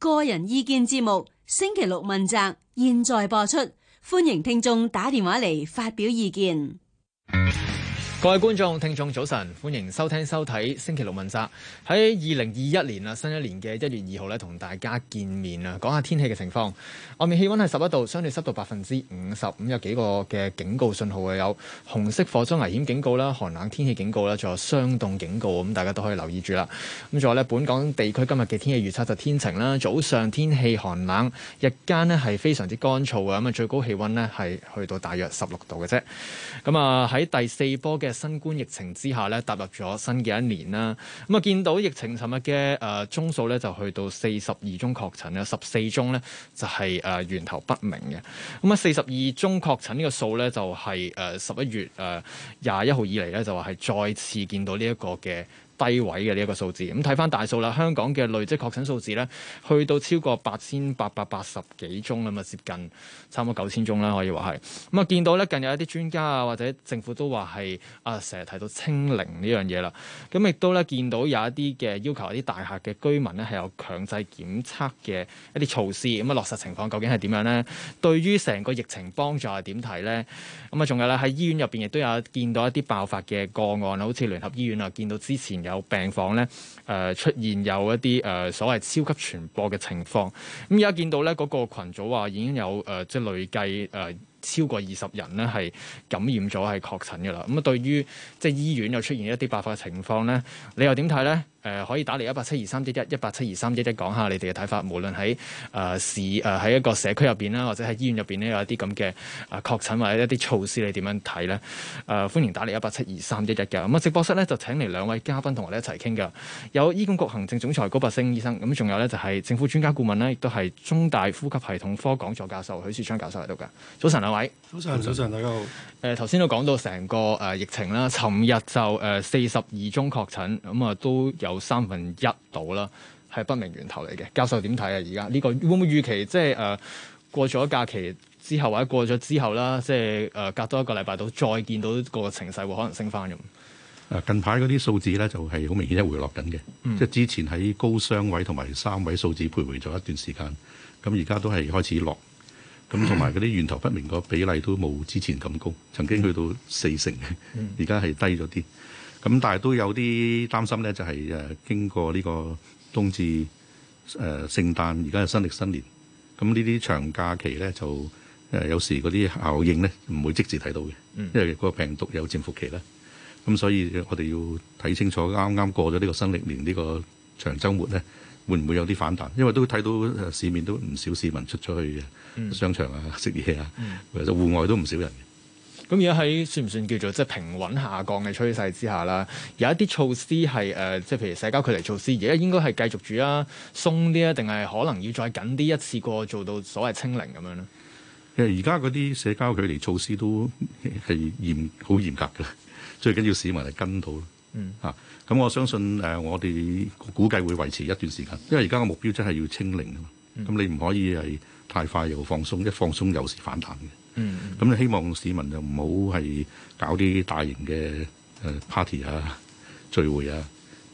個人意見節目星期六問責，現在播出，歡迎聽眾打電話嚟發表意見。 各位觀眾、聽眾早晨，歡迎收聽收睇星期六問責。喺二零二一年啊，新一年嘅一月二號咧，同大家見面啊，講下天氣嘅情況。外面氣溫係十一度，相對濕度百分之五十五，有幾個嘅警告信號嘅有，紅色火災危險警告啦、寒冷天氣警告啦，仲有霜凍警告。咁大家都可以留意住啦。咁仲有呢本港地區今日嘅天氣預測就天晴啦，早上天氣寒冷，日間呢係非常之乾燥啊。咁啊，最高氣溫呢係去到大約十六度嘅啫。咁啊，喺第四波嘅。新冠疫情之下咧，踏入咗新嘅一年啦。咁啊，見到疫情尋日嘅誒宗數咧，就去到四十二宗確診咧，十四宗咧就係誒源頭不明嘅。咁啊，四十二宗確診呢個數咧就係誒十一月誒廿一號以嚟咧，就話係再次見到呢一個嘅低位嘅呢一個數字，咁睇翻大數啦，香港嘅累積確診數字咧，去到超過八千八百八十幾宗啦，嘛接近差唔多九千宗啦，可以話係。咁啊，見到咧近日一啲專家啊或者政府都話係啊，成日提到清零呢樣嘢啦，咁亦都咧見到有一啲嘅要求一啲大廈嘅居民咧係有強制檢測嘅一啲措施，咁啊落實情況究竟係點樣呢？對於成個疫情幫助係點睇咧？咁啊，仲有咧喺醫院入邊亦都有見到一啲爆發嘅個案，好似聯合醫院啊，見到之前有有病房咧，誒、呃、出現有一啲誒、呃、所謂超級傳播嘅情況。咁而家見到咧，嗰、那個群組話已經有誒、呃、即係累計誒、呃、超過二十人咧係感染咗係確診噶啦。咁、嗯、啊，對於即係醫院又出現一啲爆發嘅情況咧，你又點睇咧？誒可以打嚟，一八七二三一一一八七二三一一，講下你哋嘅睇法，無論喺誒市誒喺一個社區入邊啦，或者喺醫院入邊呢，有一啲咁嘅誒確診或者一啲措施，你點樣睇咧？誒歡迎打嚟一八七二三一一嘅。咁啊，直播室咧就請嚟兩位嘉賓同我哋一齊傾㗎，有醫管局行政總裁高拔陞醫生，咁仲有咧就係政府專家顧問啦，亦都係中大呼吸系統科講座教授許樹昌教授喺度㗎。早晨兩位，早晨早晨，大家好。誒頭先都講到成個誒疫情啦，尋日就誒四十二宗確診，咁啊都有。有三分一度啦，係不明源頭嚟嘅。教授點睇啊？而家呢個會唔會預期，即係誒、呃、過咗假期之後或者過咗之後啦，即係誒、呃、隔多一個禮拜度再見到個情勢會可能升返咁？誒近排嗰啲數字咧就係好明顯一回落緊嘅，嗯、即係之前喺高雙位同埋三位數字徘徊咗一段時間，咁而家都係開始落。咁同埋嗰啲源頭不明個比例都冇之前咁高，曾經去到四成嘅，而家係低咗啲。咁但係都有啲擔心咧，就係、是、誒經過呢個冬至、誒聖誕，而家係新曆新年，咁呢啲長假期咧就誒、呃、有時嗰啲效應咧唔會即時睇到嘅，因為個病毒有潛伏期咧，咁所以我哋要睇清楚啱啱過咗呢個新曆年呢個長周末咧，會唔會有啲反彈？因為都睇到誒市面都唔少市民出咗去商場啊、食嘢啊，或者戶外都唔少人。咁而家喺算唔算叫做即係平穩下降嘅趨勢之下啦？有一啲措施係誒即係譬如社交距離措施，而家應該係繼續住啦，鬆啲啊，定係可能要再緊啲一,一次過做到所謂清零咁樣咧？誒，而家嗰啲社交距離措施都係嚴好嚴格嘅，最緊要市民係跟到咯。嗯。吓、啊，咁我相信誒我哋估計會維持一段時間，因為而家個目標真係要清零啊嘛。咁你唔可以係太快又放鬆，一放鬆又是反彈嘅。咁你、嗯嗯、希望市民就唔好係搞啲大型嘅誒 party 啊、聚會啊，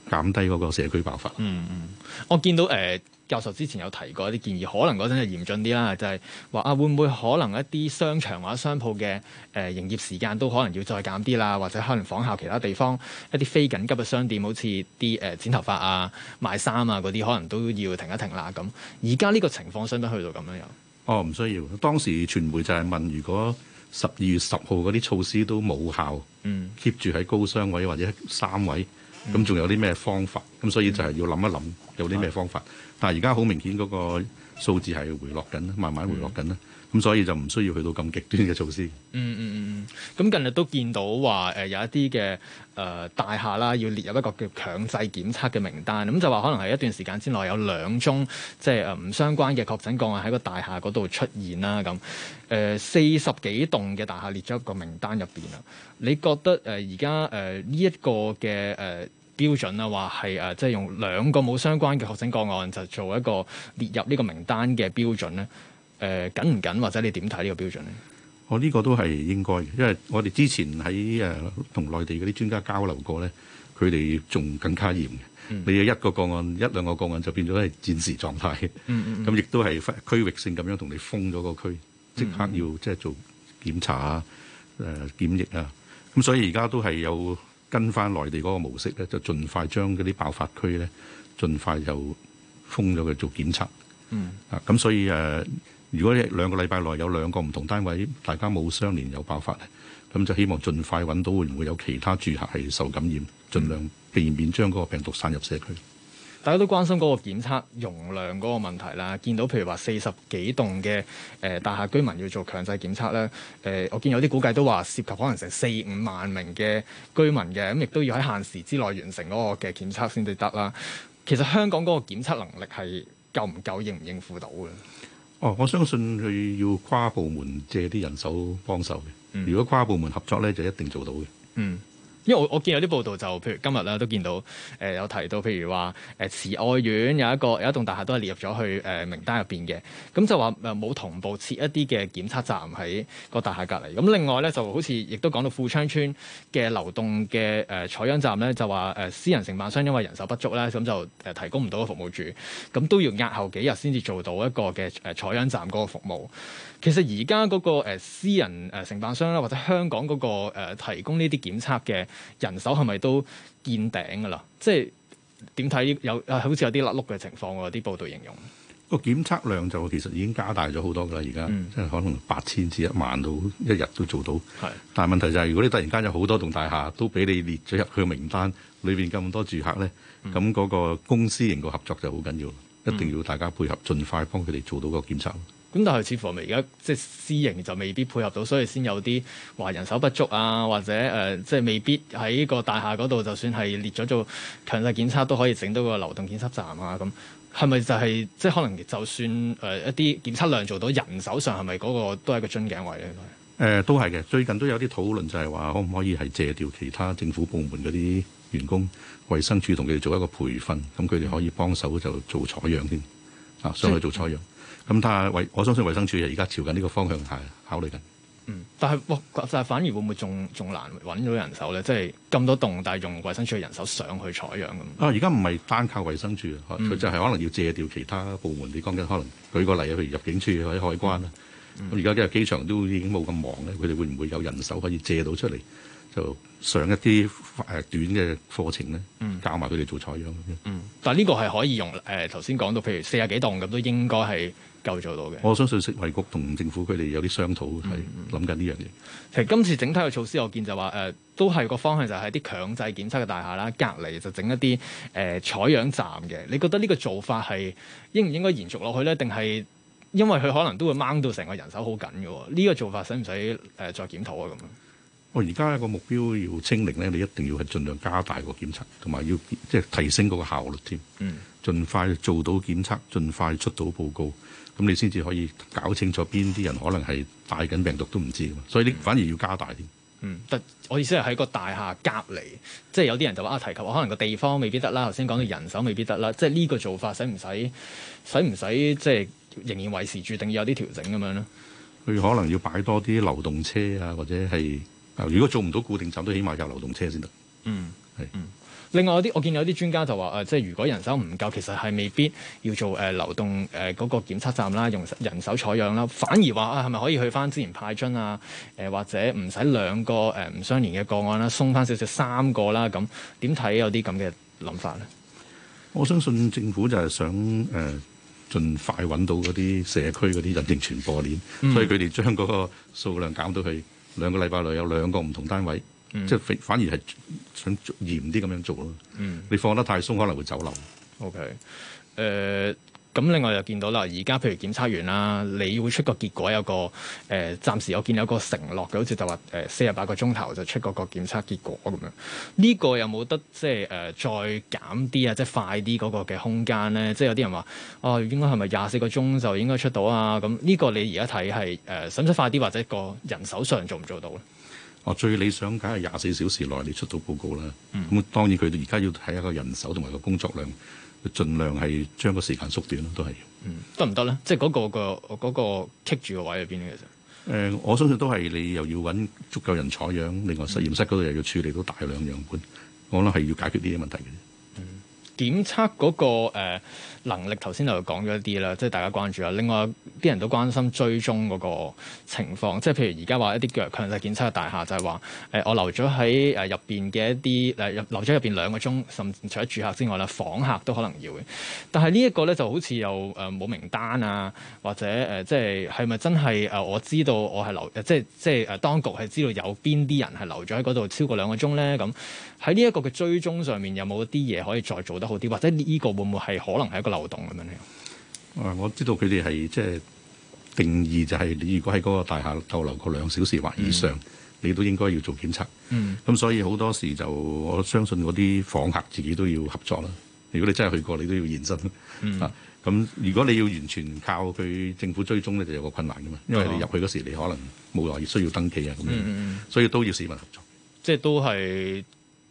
減低嗰個社區爆發。嗯嗯，我見到誒、呃、教授之前有提過一啲建議，可能嗰陣係嚴峻啲啦，就係、是、話啊，會唔會可能一啲商場或者商鋪嘅誒營業時間都可能要再減啲啦，或者可能仿效其他地方一啲非緊急嘅商店，好似啲誒剪頭髮啊、賣衫啊嗰啲，可能都要停一停啦。咁而家呢個情況相，想唔想去到咁樣樣？哦，唔需要。當時傳媒就係問，如果十二月十號嗰啲措施都冇效，嗯，keep 住喺高雙位或者三位，咁仲、嗯、有啲咩方法？咁所以就係要諗一諗有啲咩方法。嗯、但係而家好明顯嗰個數字係回落緊，慢慢回落緊啦。嗯咁所以就唔需要去到咁極端嘅措施。嗯嗯嗯嗯，咁、嗯嗯、近日都見到話誒有一啲嘅誒大廈啦，要列入一個叫強制檢測嘅名單。咁就話可能係一段時間之內有兩宗即係誒唔相關嘅確診個案喺個大廈嗰度出現啦。咁誒四十幾棟嘅大廈列咗一個名單入邊啦。你覺得誒而家誒呢一個嘅誒、呃、標準啊，話係誒即係用兩個冇相關嘅確診個案就做一個列入呢個名單嘅標準咧？誒緊唔緊，或者你點睇呢個標準咧？我呢個都係應該嘅，因為我哋之前喺誒同內地嗰啲專家交流過咧，佢哋仲更加嚴嘅。你有一個個案、一兩個個案就變咗係戰時狀態。嗯嗯嗯。咁亦都係區域性咁樣同你封咗個區，即刻要即係做檢查啊、誒檢疫啊。咁所以而家都係有跟翻內地嗰個模式咧，就盡快將嗰啲爆發區咧，盡快就封咗佢做檢測。嗯。啊，咁所以誒。如果兩個禮拜內有兩個唔同單位，大家冇相連有爆發咧，咁就希望盡快揾到會唔會有其他住客係受感染，盡量避免將嗰個病毒散入社區。大家都關心嗰個檢測容量嗰個問題啦，見到譬如話四十幾棟嘅誒大廈居民要做強制檢測咧，誒我見有啲估計都話涉及可能成四五萬名嘅居民嘅，咁亦都要喺限時之內完成嗰個嘅檢測先至得啦。其實香港嗰個檢測能力係夠唔夠應唔應付到嘅？哦，我相信佢要跨部門借啲人手幫手嘅。嗯、如果跨部門合作咧，就一定做到嘅。嗯。因為我我見有啲報道就，譬如今日咧都見到，誒、呃、有提到，譬如話，誒、呃、慈愛苑有一個有一棟大廈都係列入咗去誒、呃、名單入邊嘅，咁就話誒冇同步設一啲嘅檢測站喺個大廈隔籬。咁另外咧就好似亦都講到富昌村嘅流動嘅誒、呃、採樣站咧，就話誒私人承辦商因為人手不足咧，咁就誒提供唔到個服務住，咁都要押後幾日先至做到一個嘅誒採樣站嗰個服務。其實而家嗰個私人誒承辦商咧，或者香港嗰個提供呢啲檢測嘅人手，係咪都見頂㗎啦？即係點睇有啊？好似有啲甩碌嘅情況喎，啲報道形容個檢測量就其實已經加大咗好多㗎啦。而家、嗯、即係可能八千至一萬到一日都做到。係是，但係問題就係、是，如果你突然間有好多棟大廈都俾你列咗入去個名單裏邊咁多住客咧，咁嗰、嗯、個公私營嘅合作就好緊要，嗯、一定要大家配合，盡快幫佢哋做到個檢測。咁但係似乎而家即係私營就未必配合到，所以先有啲話人手不足啊，或者誒、呃、即係未必喺個大廈嗰度，就算係列咗做強制檢測，都可以整到個流動檢測站啊咁。係咪就係、是、即係可能就算誒、呃、一啲檢測量做到人手上，係咪嗰個都係一個樽頸位咧？應該誒、呃，都係嘅。最近都有啲討論就係話，可唔可以係借調其他政府部門嗰啲員工、衛生署同佢哋做一個培訓，咁佢哋可以幫手就做採樣添。啊，上去做採樣，咁睇下衞，我相信衞生署就而家朝緊呢個方向係考慮緊。嗯，但係，哇，但係反而會唔會仲仲難搵到人手咧？即係咁多棟，但用衞生署嘅人手上去採樣咁。啊，而家唔係單靠衞生署，佢就係可能要借調其他部門。嗯、你講緊可能舉個例啊，譬如入境處或者海關啦。咁而家今日機場都已經冇咁忙咧，佢哋會唔會有人手可以借到出嚟？就上一啲誒短嘅課程咧，嗯、教埋佢哋做採樣。嗯，但係呢個係可以用誒頭先講到，譬如四十幾棟咁，都應該係夠做到嘅。我相信食衞局同政府佢哋有啲商討，係諗緊呢樣嘢。其實今次整體嘅措施，我見就話誒、呃，都係個方向就係啲強制檢測嘅大廈啦，隔籬就整一啲誒、呃、採樣站嘅。你覺得呢個做法係應唔應該延續落去咧？定係因為佢可能都會掹到成個人手好緊嘅喎？呢、呢個做法使唔使誒再檢討啊？咁？我而家一個目標要清零呢，你一定要係盡量加大個檢測，同埋要即係提升嗰個效率添，盡快做到檢測，盡快出到報告，咁你先至可以搞清楚邊啲人可能係帶緊病毒都唔知，所以你反而要加大添。嗯，但我意思係喺個大廈隔離，即係有啲人就話啊，提及話可能個地方未必得啦。頭先講到人手未必得啦，即係呢個做法使唔使使唔使即係仍然維持住，定要有啲調整咁樣呢？佢可能要擺多啲流動車啊，或者係。如果做唔到固定站，都起碼有流動車先得。嗯，係是。嗯，另外有啲我見有啲專家就話誒，即、呃、係如果人手唔夠，其實係未必要做誒、呃、流動誒嗰、呃那個檢測站啦，用人手採樣啦，反而話啊，係咪可以去翻之前派樽啊？誒、呃、或者唔使兩個誒唔、呃、相連嘅個案啦，鬆翻少少三個啦，咁點睇有啲咁嘅諗法呢？我相信政府就係想誒、呃，盡快揾到嗰啲社區嗰啲隱性傳播鏈，嗯、所以佢哋將嗰個數量減到去。兩個禮拜內有兩個唔同單位，嗯、即係反而係想嚴啲咁樣做咯。嗯、你放得太鬆可能會走漏。O K，誒。咁另外又見到啦，而家譬如檢測員啦，你會出個結果有個誒、呃，暫時我見有個承諾嘅，好似就話誒四十八個鐘頭就出個個檢測結果咁樣。呢、這個有冇得即係誒、呃、再減啲啊？即係快啲嗰個嘅空間咧？即係有啲人話啊、呃，應該係咪廿四個鐘就應該出到啊？咁呢個你而家睇係誒使唔使快啲，或者個人手上做唔做到咧？哦，最理想梗係廿四小時內你出到報告啦。咁、嗯、當然佢哋而家要睇一個人手同埋個工作量。盡量係將個時間縮短咯，都係。嗯，得唔得咧？即係嗰個、嗰個、嗰個棘、嗰個住個位喺邊咧？其實誒，我相信都係你又要搵足夠人採樣，另外實驗室嗰度又要處理到大量樣本，我諗係要解決呢啲問題嘅。檢測嗰個能力，頭先就講咗一啲啦，即係大家關注啦。另外啲人都關心追蹤嗰個情況，即係譬如而家話一啲腳強制檢測嘅大廈，就係話誒我留咗喺誒入邊嘅一啲誒入留咗入邊兩個鐘，甚至除咗住客之外啦，房客都可能要。但係呢一個咧就好似又誒冇名單啊，或者誒即係係咪真係誒我知道我係留，即係即係誒當局係知道有邊啲人係留咗喺嗰度超過兩個鐘咧？咁喺呢一個嘅追蹤上面，有冇啲嘢可以再做得？好啲，或者呢個會唔會係可能係一個漏洞咁樣咧？啊，我知道佢哋係即係定義就係、是、你如果喺嗰個大廈逗留個兩小時或以上，嗯、你都應該要做檢測。嗯，咁所以好多時就我相信嗰啲訪客自己都要合作啦。如果你真係去過，你都要現身。嗯，啊，咁如果你要完全靠佢政府追蹤咧，就有個困難噶嘛，因為你入去嗰時、哦、你可能冇耐需要登記啊咁樣，嗯、所以都要市民合作。即係都係。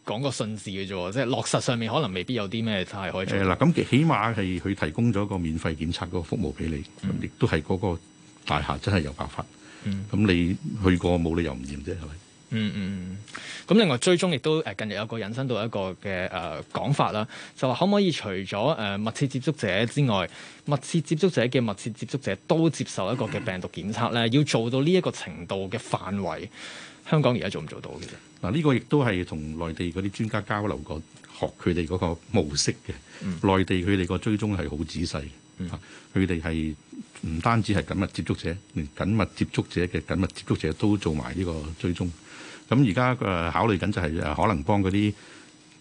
講個信字嘅啫，即係落實上面可能未必有啲咩差可以做。誒嗱、嗯，咁起碼係佢提供咗一個免費檢測嗰個服務俾你，咁亦都係嗰個大廈真係有辦法。咁、嗯、你去過冇理由唔驗啫，係咪？嗯嗯。嗯。咁另外追蹤亦都誒近日有個引申到一個嘅誒講法啦，就話可唔可以除咗誒、呃、密切接觸者之外，密切接觸者嘅密切接觸者都接受一個嘅病毒檢測咧，要做到呢一個程度嘅範圍？香港而家做唔做到？其實嗱，呢個亦都係同內地嗰啲專家交流過，學佢哋嗰個模式嘅。嗯，內地佢哋個追蹤係好仔細嘅，佢哋係唔單止係緊密接觸者，連緊密接觸者嘅緊密接觸者都做埋呢個追蹤。咁而家嘅考慮緊就係可能幫嗰啲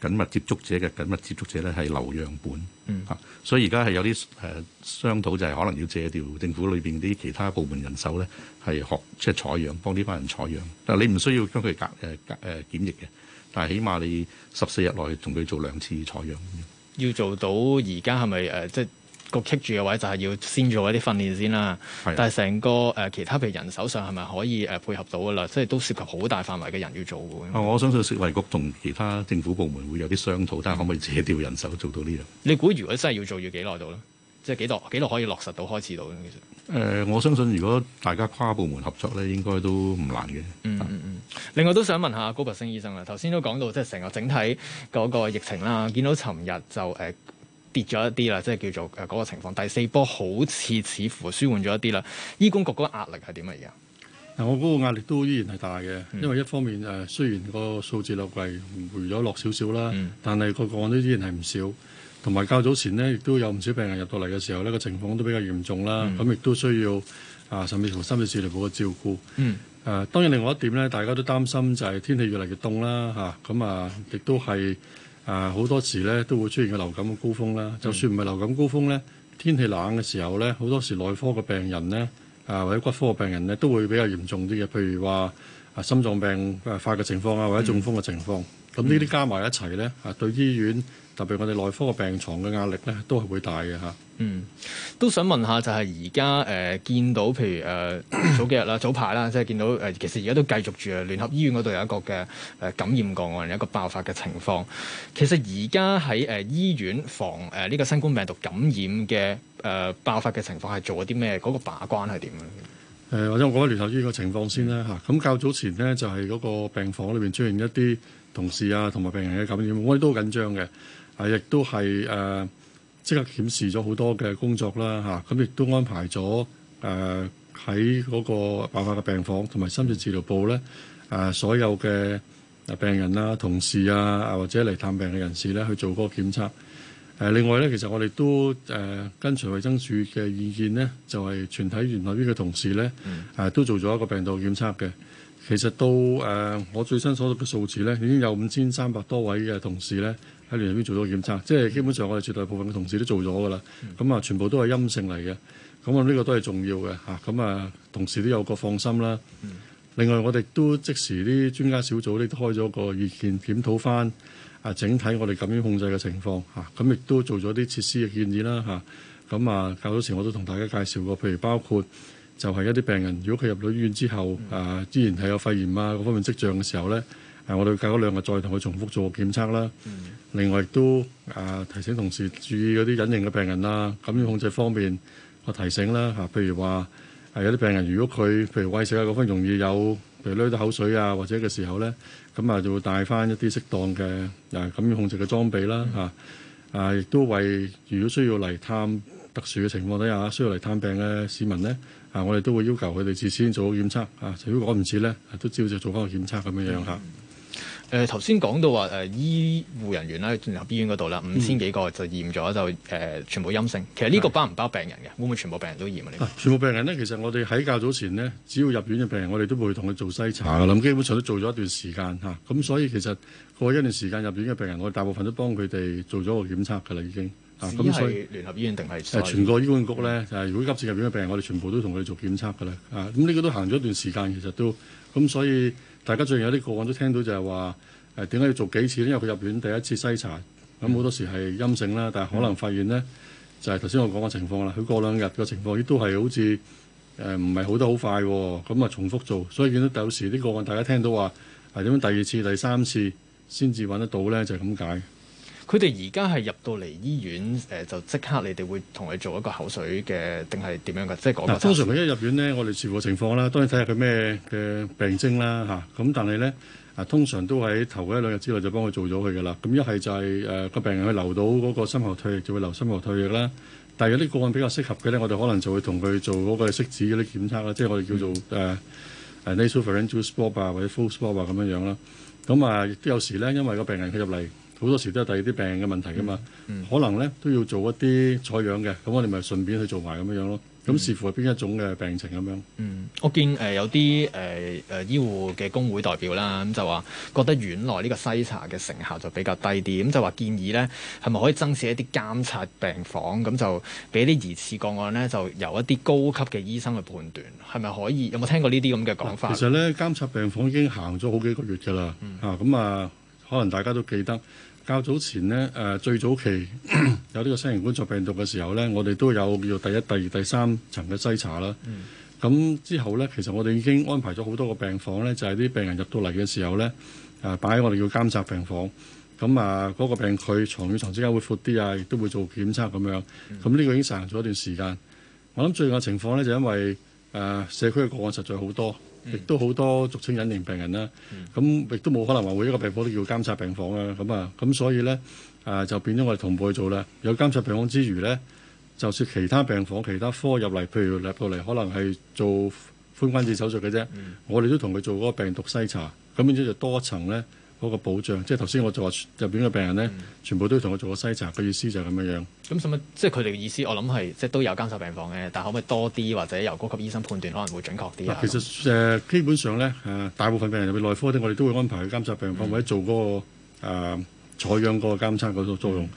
緊密接觸者嘅緊密接觸者咧，係留樣本，嚇、嗯，所以而家係有啲誒商討，就係可能要借調政府裏邊啲其他部門人手咧，係學即係採樣，幫呢班人採樣。但係、嗯、你唔需要將佢隔誒隔誒檢疫嘅，但係起碼你十四日內同佢做兩次採樣。要做到而家係咪誒即係？焗棘住嘅位就係要先做一啲訓練先啦，是的 但係成個誒、呃、其他譬如人手上係咪可以誒、呃、配合到嘅啦？即係都涉及好大範圍嘅人要做嘅、哦。我相信食衞局同其他政府部門會有啲商討，睇下可唔可以借調人手做到呢樣。你估如果真係要做，要幾耐到呢？即係幾多幾多可以落實到開始到其實誒，我相信如果大家跨部門合作咧，應該都唔難嘅、嗯嗯嗯。另外都想問下高拔陞醫生啦，頭先都講到即係成個整體嗰個疫情啦，見到尋日就誒。跌咗一啲啦，即係叫做誒嗰個情況。第四波好似似乎舒緩咗一啲啦。醫管局嗰個壓力係點啊？而家嗱，我嗰個壓力都依然係大嘅，嗯、因為一方面誒雖然個數字落季回咗落少少啦，但係個，個案都依然係唔少。同埋較早前呢，亦都有唔少病人入到嚟嘅時候呢，個情況都比較嚴重啦。咁亦都需要啊，甚至同深切治療部嘅照顧。誒、嗯啊，當然另外一點咧，大家都擔心就係天氣越嚟越凍啦嚇，咁啊亦、啊、都係。啊，好多時咧都會出現個流感嘅高峰啦。就算唔係流感高峰咧，天氣冷嘅時候咧，好多時內科嘅病人咧，啊或者骨科嘅病人咧，都會比較嚴重啲嘅。譬如話啊，心臟病發嘅情況啊，或者中風嘅情況。咁呢啲加埋一齊咧，啊、嗯、對醫院。特別我哋內科嘅病床嘅壓力咧，都係會大嘅嚇。嗯，都想問下就，就係而家誒見到，譬如誒早幾日啦、早排啦，即係見到誒，其實而家都繼續住聯合醫院嗰度有一個嘅誒感染個案，有一個爆發嘅情況。其實而家喺誒醫院防誒呢、呃這個新冠病毒感染嘅誒、呃、爆發嘅情況，係做咗啲咩？嗰個把關係點樣？誒、呃，或者我講下聯合醫院嘅情況先啦嚇。咁、嗯嗯、較早前呢，就係、是、嗰個病房裏邊出現一啲同事啊，同埋病人嘅感染，我哋都好緊張嘅。係，亦、啊、都係誒即刻檢視咗好多嘅工作啦嚇。咁、啊、亦都安排咗誒喺嗰個爆發嘅病房同埋深切治療部咧誒、呃，所有嘅病人啊、同事啊，或者嚟探病嘅人士咧，去做嗰個檢測，啊。另外咧，其實我哋都誒、呃、跟隨衞生署嘅意見咧，就係、是、全體院內呢嘅同事咧誒、呃，都做咗一個病毒檢測嘅。其實到誒、呃、我最新所得嘅數字咧，已經有五千三百多位嘅同事咧。喺聯檢做咗檢測，即係基本上我哋絕大部分嘅同事都做咗噶啦，咁啊、嗯、全部都係陰性嚟嘅，咁啊呢個都係重要嘅嚇，咁啊同事都有個放心啦。嗯、另外我哋都即時啲專家小組都開咗個意見檢討翻啊，整體我哋感染控制嘅情況嚇，咁、啊、亦、嗯、都做咗啲設施嘅建議啦嚇，咁啊較早、啊、時我都同大家介紹過，譬如包括就係一啲病人如果佢入到醫院之後、嗯、啊，依然係有肺炎啊各方面跡象嘅時候咧。誒、啊，我哋隔嗰兩日再同佢重複做個檢測啦。嗯、另外亦都誒、啊、提醒同事注意嗰啲隱形嘅病人啦、啊。感染控制方面，我提醒啦、啊、嚇，譬、啊、如話誒、啊、有啲病人，如果佢譬如喂食啊嗰方容易有，譬如濺啲口水啊，或者嘅時候咧，咁啊就會帶翻一啲適當嘅啊感染控制嘅裝備啦、啊、嚇。誒、啊、亦、啊、都為如果需要嚟探特殊嘅情況底下需要嚟探病嘅市民咧，啊我哋都會要求佢哋事先做好檢測啊。如果趕唔切咧，都照就做翻個檢測咁樣樣嚇。誒頭先講到話誒醫護人員咧，聯合醫院嗰度啦，五千幾個就驗咗就誒、呃、全部陰性。其實呢個包唔包病人嘅？會唔會全部病人都驗啊？全部病人咧，其實我哋喺較早前咧，只要入院嘅病人，我哋都會同佢做篩查㗎啦。咁、嗯、基本上都做咗一段時間嚇，咁、啊、所以其實過一段時間入院嘅病人，我哋大部分都幫佢哋做咗個檢測㗎啦，已經，咁所以聯合醫院定係、啊、全個醫管局咧？就係如果急症入院嘅病人，我哋全部都同佢做檢測㗎啦。啊，咁、嗯、呢、呢個都行咗一段時間，其實都咁、啊、所以。啊啊大家最近有啲個案都聽到就係話誒點解要做幾次？因為佢入院第一次篩查咁好多時係陰性啦，但係可能發現咧就係頭先我講嘅情況啦。佢過兩日嘅情況亦都係好似誒唔係好得好快喎、哦，咁啊重複做，所以見到有時啲個案大家聽到話誒點樣第二次、第三次先至揾得到咧，就係咁解。佢哋而家係入到嚟醫院，誒、呃、就即刻你哋會同佢做一個口水嘅，定係點樣嘅？即係嗱，通常佢一入院呢，我哋視乎情況啦，當然睇下佢咩嘅病徵啦，嚇咁，但係咧啊，通常都喺頭一兩日之內就幫佢做咗佢噶啦。咁一係就係誒個病人去留到嗰個深喉唾液就會留深喉唾液啦。但係有啲個案比較適合嘅咧，我哋可能就會同佢做嗰個拭子嗰啲檢測啦，即係我哋叫做誒 nasopharyngeal swab 啊或者 pharyngeal 啊咁樣樣啦。咁啊，有時咧因為個病人佢入嚟。Urai, 好多時都係第二啲病嘅問題㗎嘛，嗯嗯、可能咧都要做一啲採樣嘅，咁我哋咪順便去做埋咁樣咯。咁視乎係邊一種嘅病情咁樣。嗯，我見誒有啲誒誒醫護嘅工會代表啦，咁就話覺得院內呢個篩查嘅成效就比較低啲，咁就話建議呢，係咪可以增設一啲監察病房，咁就俾啲疑似個案呢，就由一啲高級嘅醫生去判斷，係咪可以？有冇聽過這這呢啲咁嘅講法？其實呢，監察病房已經行咗好幾個月㗎啦，嚇咁、嗯、啊！那那可能大家都記得較早前呢，誒、呃、最早期 有呢個新型冠狀病毒嘅時候呢，我哋都有叫第一、第二、第三層嘅篩查啦。咁、嗯、之後呢，其實我哋已經安排咗好多個病房呢，就係、是、啲病人入到嚟嘅時候呢，誒擺喺我哋叫監察病房。咁啊，嗰、呃那個病區床與床之間會闊啲啊，亦都會做檢測咁樣。咁呢、嗯、個已經實行咗一段時間。我諗最近嘅情況呢，就因為誒、呃、社區嘅個案實在好多。亦都好多俗稱隱形病人啦，咁亦都冇可能話每一個病房都叫監察病房啊，咁啊、嗯，咁所以呢，誒就變咗我哋同步去做啦。有監察病房之餘呢，就算其他病房其他科入嚟，譬如入到嚟可能係做髖關節手術嘅啫，嗯、我哋都同佢做嗰個病毒篩查，咁變咗就多一層呢。嗰個保障，即係頭先我就話入邊嘅病人咧，嗯、全部都要同我做個篩查，嘅意思就係咁樣樣。咁使乜？即係佢哋嘅意思，我諗係即係都有監察病房嘅，但可唔可以多啲，或者由高級醫生判斷可能會準確啲啊？其實誒、呃，基本上咧誒、呃，大部分病人入邊內科啲，我哋都會安排去監察病房、嗯、或者做嗰、嗰個誒、呃、採樣嗰個監測嗰個作用。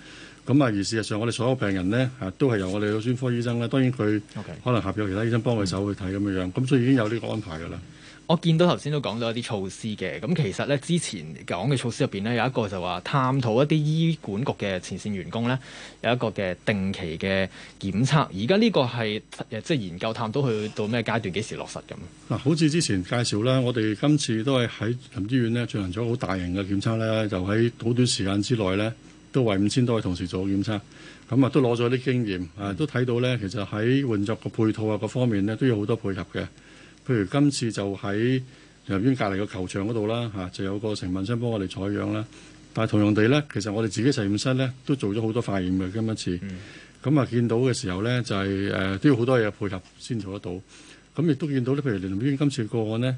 咁啊、嗯，而事實上我哋所有病人咧啊、呃，都係由我哋老專科醫生咧，當然佢可能合約其他醫生幫佢手去睇咁樣樣，咁、嗯、所以已經有呢個安排㗎啦。我見到頭先都講咗一啲措施嘅，咁其實呢，之前講嘅措施入邊呢，有一個就話探討一啲醫管局嘅前線員工呢，有一個嘅定期嘅檢測，而家呢個係即係研究探討去到咩階段，幾時落實咁。嗱，好似之前介紹呢，我哋今次都係喺林醫院呢進行咗好大型嘅檢測呢，就喺好短時間之內呢，都為五千多位同事做檢測，咁啊都攞咗啲經驗啊，都睇到呢。其實喺運作個配套啊各方面呢，都有好多配合嘅。譬如今次就喺蓮蔭院隔籬個球場嗰度啦，嚇、啊、就有個承辦商幫我哋採樣啦。但係同樣地咧，其實我哋自己實驗室咧都做咗好多化驗嘅今一次。咁啊、嗯嗯、見到嘅時候咧，就係、是、誒、呃、都要好多嘢配合先做得到。咁、嗯、亦、嗯、都見到咧，譬如蓮蔭院今次個案咧，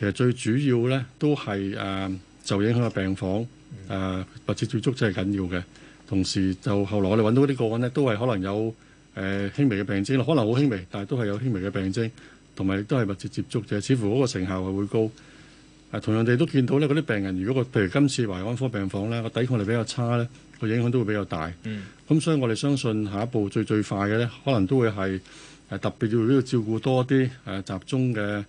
其實最主要咧都係誒、呃、就影響個病房誒密切接觸，觸真係緊要嘅。同時就後來我哋揾到啲個案咧，都係可能有誒、呃、輕微嘅病徵，可能好輕微，但係都係有輕微嘅病徵。同埋亦都係密切接觸者，似乎嗰個成效係會高。係同樣地都見到咧，嗰啲病人如果個譬如今次懷安科病房咧個抵抗力比較差咧，個影響都會比較大。咁、嗯、所以我哋相信下一步最最快嘅咧，可能都會係誒特別要呢個照顧多啲誒、啊、集中嘅，譬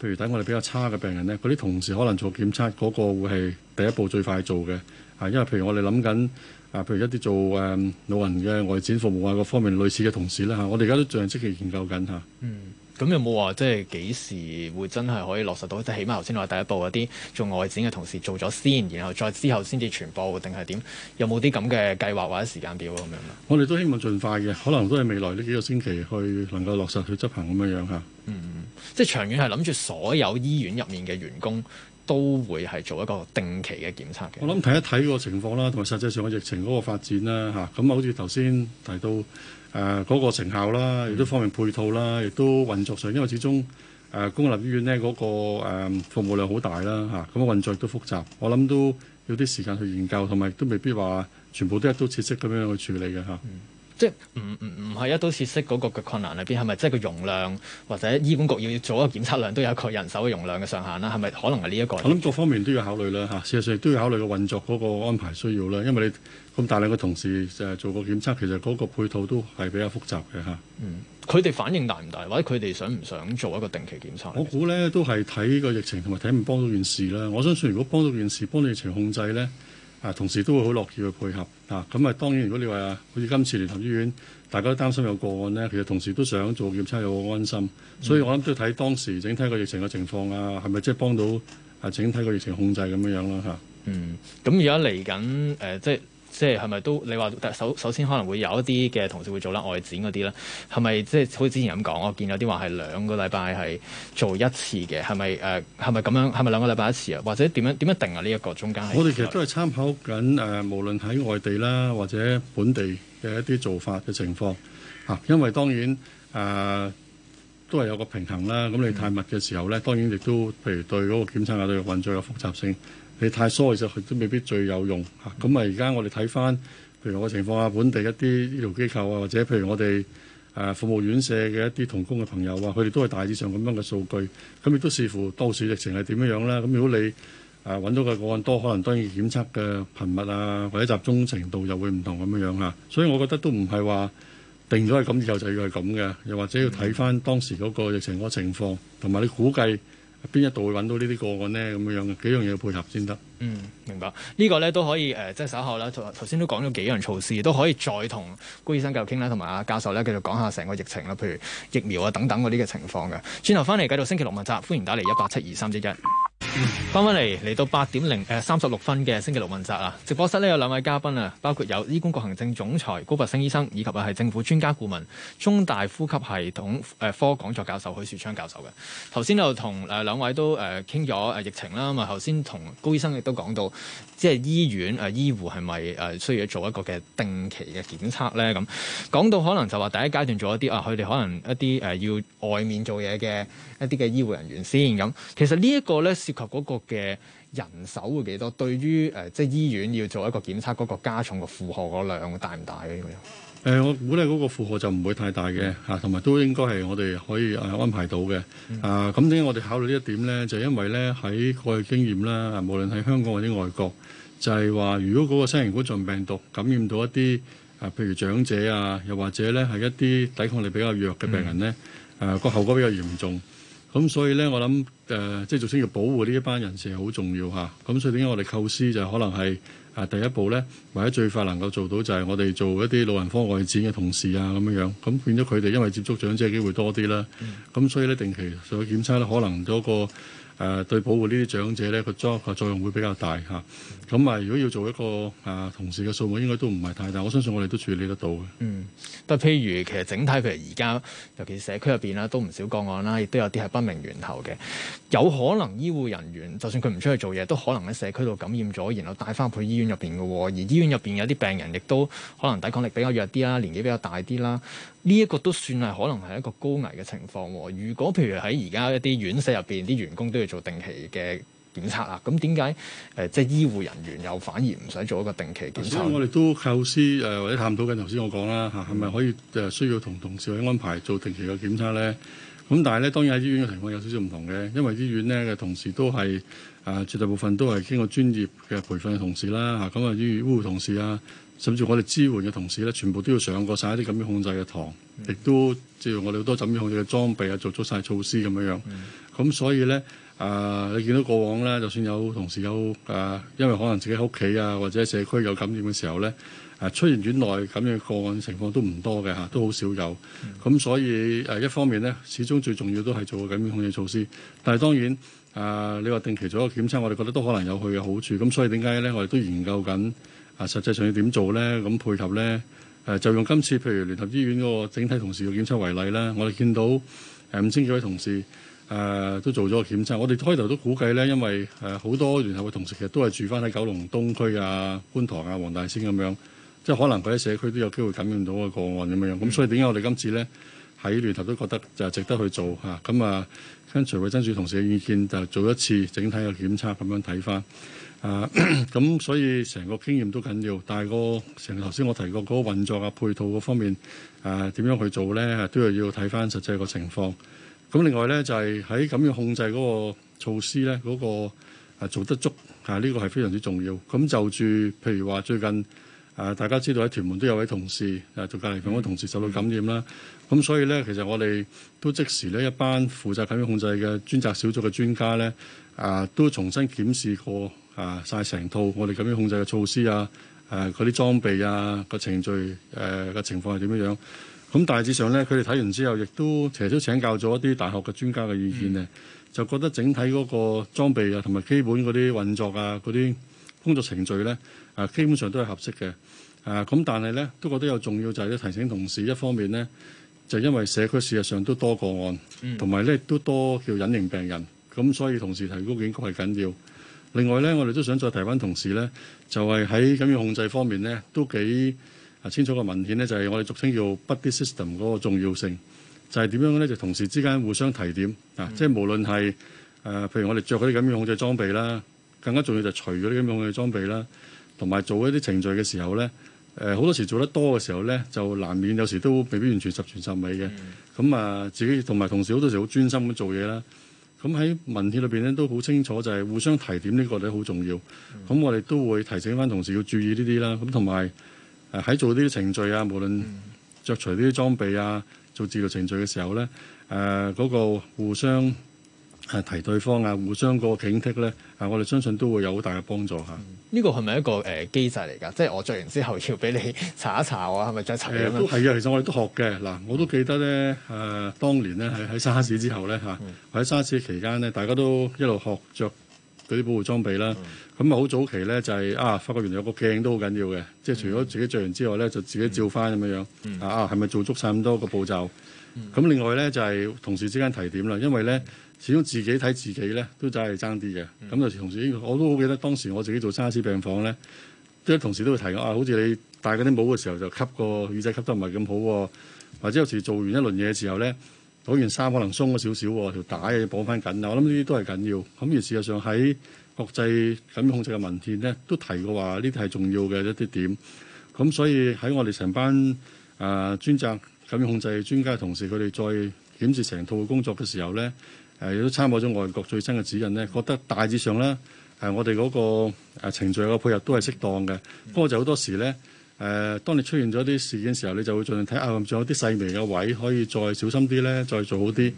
如抵抗力比較差嘅病人咧，嗰啲同事可能做檢測嗰、那個會係第一步最快做嘅。啊，因為譬如我哋諗緊啊，譬如一啲做誒老人嘅外展服務啊，各方面類似嘅同事咧嚇、啊，我哋而家都仲係積極研究緊嚇。啊、嗯。咁有冇話即係幾時會真係可以落實到？即係起碼頭先話第一步，嗰啲做外展嘅同事做咗先，然後再之後先至傳播定係點？有冇啲咁嘅計劃或者時間表咁樣？我哋都希望盡快嘅，可能都係未來呢幾個星期去能夠落實去執行咁樣樣嚇。嗯，即係長遠係諗住所有醫院入面嘅員工都會係做一個定期嘅檢測嘅。我諗睇一睇個情況啦，同埋實際上個疫情嗰個發展啦嚇。咁好似頭先提到。誒嗰、呃那個成效啦，亦都方便配套啦，亦都運作上，因為始終誒、呃、公立醫院咧嗰、那個、呃、服務量好大啦嚇，咁啊運作都複雜，我諗都要啲時間去研究，同埋都未必話全部都一刀切式咁樣去處理嘅嚇。啊嗯即係唔唔唔係一刀切式嗰個嘅困難裏邊係咪即係個容量或者醫管局要做一個檢測量都有一個人手嘅容量嘅上限啦？係咪可能係呢一個？我諗各方面都要考慮啦嚇、啊，事實上亦都要考慮個運作嗰個安排需要啦，因為你咁大量嘅同事就係做個檢測，其實嗰個配套都係比較複雜嘅嚇。啊、嗯，佢哋反應大唔大，或者佢哋想唔想做一個定期檢測？我估咧都係睇個疫情同埋睇唔幫到件事啦。我相信如果幫到件事，幫到疫情控制咧。啊，同時都會好樂意去配合，啊，咁啊，當然如果你話啊，好似今次聯合醫院，大家都擔心有個案咧，其實同時都想做個檢測有個安心，嗯、所以我諗都要睇當時整體個疫情嘅情況啊，係咪即係幫到啊整體個疫情控制咁樣樣啦嚇。啊、嗯，咁而家嚟緊誒，即係。即係係咪都你話？首首先可能會有一啲嘅同事會做啦，外展嗰啲咧係咪即係好似之前咁講？我見有啲話係兩個禮拜係做一次嘅，係咪誒係咪咁樣？係咪兩個禮拜一次啊？或者點樣點樣定啊？呢、這、一個中間我哋其實都係參考緊誒、呃，無論喺外地啦或者本地嘅一啲做法嘅情況啊，因為當然誒、呃、都係有個平衡啦。咁你太密嘅時候咧，當然亦都譬如對嗰個檢測啊、對個運作嘅複雜性。你太疏其實都未必最有用嚇，咁啊而家我哋睇翻，譬如我個情況啊，本地一啲醫療機構啊，或者譬如我哋誒服務院舍嘅一啲同工嘅朋友啊，佢哋都係大致上咁樣嘅數據，咁亦都視乎到時疫情係點樣樣啦。咁如果你誒揾到嘅個案多，可能當然檢測嘅頻密啊，或者集中程度又會唔同咁樣樣嚇。所以我覺得都唔係話定咗係咁以後就要係咁嘅，又或者要睇翻當時嗰個疫情個情況，同埋你估計。邊一度會揾到呢啲個案呢？咁樣樣幾樣嘢配合先得。嗯，明白。呢個呢都可以誒、呃，即係稍後啦，頭先都講咗幾樣措施，都可以再同高醫生繼續傾啦，同埋阿教授呢繼續講下成個疫情啦，譬如疫苗啊等等嗰啲嘅情況嘅。轉頭翻嚟繼續星期六問責，歡迎打嚟一八七二三一一。翻返嚟，嚟到八點零誒三十六分嘅星期六問責啊。直播室咧有兩位嘉賓啊，包括有醫管局行政總裁高拔陞醫生，以及啊係政府專家顧問中大呼吸系統誒科講座教授許樹昌教授嘅。頭先又同誒、呃、兩位都誒傾咗疫情啦，咁啊頭先同高醫生亦都講到，即係醫院誒、呃、醫護係咪誒需要做一個嘅定期嘅檢測咧？咁、嗯、講到可能就話第一階段做一啲啊，佢哋可能一啲誒、呃、要外面做嘢嘅一啲嘅醫護人員先咁、嗯。其實呢一個咧嗰個嘅人手會幾多？對於誒、呃，即係醫院要做一個檢測，嗰、那個加重嘅負荷嗰量大唔大咧？誒、呃，我估咧嗰個負荷就唔會太大嘅嚇，同埋、嗯啊、都應該係我哋可以誒、啊、安排到嘅。啊，咁點解我哋考慮呢一點咧？就是、因為咧喺過去經驗啦，無論喺香港或者外國，就係、是、話如果嗰個新型冠狀病毒感染到一啲誒、啊，譬如長者啊，又或者咧係一啲抵抗力比較弱嘅病人咧，誒個、嗯啊、後果比較嚴重。咁所以咧，我諗。誒，即係做先要保護呢一班人士係好重要嚇，咁所以點解我哋構思就可能係誒第一步咧，或者最快能夠做到就係我哋做一啲老人科外展嘅同事啊咁樣樣，咁變咗佢哋因為接觸長者機會多啲啦，咁、嗯、所以咧定期做個檢測咧，ice, 可能嗰個誒、呃、對保護呢啲長者咧個作作用會比較大嚇。咁、啊、咪如果要做一個誒同事嘅數目，應該都唔係太大，我相信我哋都處理得到嘅。嗯，不過譬如其實整體譬如而家，尤其社區入邊啦，都唔少個案啦，亦都有啲係不明源頭嘅。有可能醫護人員就算佢唔出去做嘢，都可能喺社區度感染咗，然後帶翻去醫院入邊嘅喎。而醫院入邊有啲病人亦都可能抵抗力比較弱啲啦，年紀比較大啲啦。呢、這、一個都算係可能係一個高危嘅情況。如果譬如喺而家一啲院舍入邊啲員工都要做定期嘅檢測啊，咁點解誒即係醫護人員又反而唔使做一個定期檢查？我哋都構思誒或者探討緊頭先我講啦嚇，係咪可以誒、呃、需要同同事去安排做定期嘅檢測咧？咁但係咧，當然喺醫院嘅情況有少少唔同嘅，因為醫院咧嘅同事都係啊、呃，絕大部分都係經過專業嘅培訓嘅同事啦。咁、嗯、啊，醫護同事啊，甚至我哋支援嘅同事咧，全部都要上過晒一啲感染控制嘅堂，亦、mm hmm. 都即係我哋好多感染控制嘅裝備啊，做足晒措施咁樣樣。咁、mm hmm. 嗯、所以咧啊、呃，你見到過往咧，就算有同事有啊、呃，因為可能自己喺屋企啊，或者社區有感染嘅時候咧。呢出現院內咁嘅個案情況都唔多嘅嚇，都好少有。咁、嗯、所以誒一方面呢，始終最重要都係做緊啲控制措施。但係當然誒、呃，你話定期做一個檢測，我哋覺得都可能有佢嘅好處。咁所以點解呢？我哋都研究緊誒實際上要點做呢？咁配合呢，誒、呃，就用今次譬如聯合醫院嗰個整體同事嘅檢測為例啦。我哋見到誒五千幾位同事誒、呃、都做咗個檢測。我哋開頭都估計呢，因為誒好多聯合嘅同事其實都係住翻喺九龍東區啊、觀塘啊、黃大仙咁樣。即係可能佢喺社區都有機會感染到個個案咁樣樣，咁、嗯、所以點解我哋今次咧喺聯合都覺得就係值得去做嚇咁啊？跟隨衞生署同事嘅意見，就做一次整體嘅檢測咁樣睇翻啊。咁 所以成個經驗都緊要，但係、個成頭先我提過嗰、嗰個運作啊、配套嗰方面啊，點樣去做咧，都係要睇翻實際個情況。咁另外咧就係喺咁樣控制嗰個措施咧，嗰、嗰個做得足嚇呢、啊呢個係非常之重要。咁就住譬如話最近。誒、啊、大家知道喺屯門都有位同事誒做隔離房嗰同事受到感染啦，咁、嗯、所以咧其實我哋都即時呢一班負責感染控制嘅專責小組嘅專家咧，啊都重新檢視過啊曬成套我哋感染控制嘅措施啊，誒嗰啲裝備啊個程序誒嘅、啊嗰個、情況係點樣樣？咁大致上咧佢哋睇完之後，亦都其實都請教咗一啲大學嘅專家嘅意見嘅，嗯、就覺得整體嗰個裝備啊同埋基本嗰啲運作啊嗰啲。工作程序咧，啊，基本上都係合適嘅，啊，咁但係咧都覺得有重要就係咧提醒同事，一方面咧就因為社區事實上都多個案，同埋咧都多叫隱形病人，咁所以同時提高警覺係緊要。另外咧，我哋都想再提返同事咧，就係喺感染控制方面咧都幾啊清楚個文件咧，就係我哋俗稱叫 buddy system 嗰個重要性，就係點樣咧？就同事之間互相提點，啊，即係無論係誒，譬如我哋著嗰啲感染控制裝備啦。更加重要就除咗啲咁樣嘅裝備啦，同埋做一啲程序嘅時候咧，誒、呃、好多時做得多嘅時候咧，就難免有時都未必完全十全十美嘅。咁啊、嗯嗯，自己同埋同事好多時好專心咁做嘢啦。咁喺文獻裏邊咧都好清楚，就係互相提點呢個咧好重要。咁我哋都會提醒翻同事要注意呢啲啦。咁同埋喺做呢啲程序啊，無論着除呢啲裝備啊，做治療程序嘅時候咧，誒、呃那個互相。係提對方啊，互相嗰個警惕咧。啊，我哋相信都會有好大嘅幫助嚇。呢個係咪一個誒、呃、機制嚟㗎？即係我着完之後要俾你查一查我係咪着齊咁樣？都係啊，其實我哋都學嘅嗱，我都記得咧誒、啊，當年咧喺喺沙士之後咧嚇，喺沙士期間咧，大家都一路學着嗰啲保護裝備啦。咁啊、嗯，好早期咧就係、是、啊，發覺原來有個鏡都好緊要嘅。即係除咗自己着完之外咧，就自己照翻咁樣樣啊啊，係、啊、咪做足晒咁多個步驟？咁、嗯嗯、另外咧就係、是、同事之間提點啦，因為咧。始終自己睇自己咧，都真係爭啲嘅。咁有時同時，我都好記得當時我自己做沙士病房咧，啲同事都會提講啊，好似你戴嗰啲帽嘅時候就吸個耳仔吸得唔係咁好喎、啊，或者有時做完一輪嘢嘅時候咧，嗰件衫可能鬆咗少少喎，條帶要綁翻緊啊。我諗呢啲都係緊要咁。而事實上喺國際感染控制嘅文獻咧，都提過話呢啲係重要嘅一啲點。咁所以喺我哋成班誒專責感染控制專家嘅同事，佢哋再檢視成套嘅工作嘅時候咧。誒亦都參考咗外國最新嘅指引咧，覺得大致上咧誒我哋嗰個程序嘅配合都係適當嘅。不過就好多時咧，誒、呃、當你出現咗啲事件時候，你就會盡量睇下仲有啲細微嘅位可以再小心啲咧，再做好啲。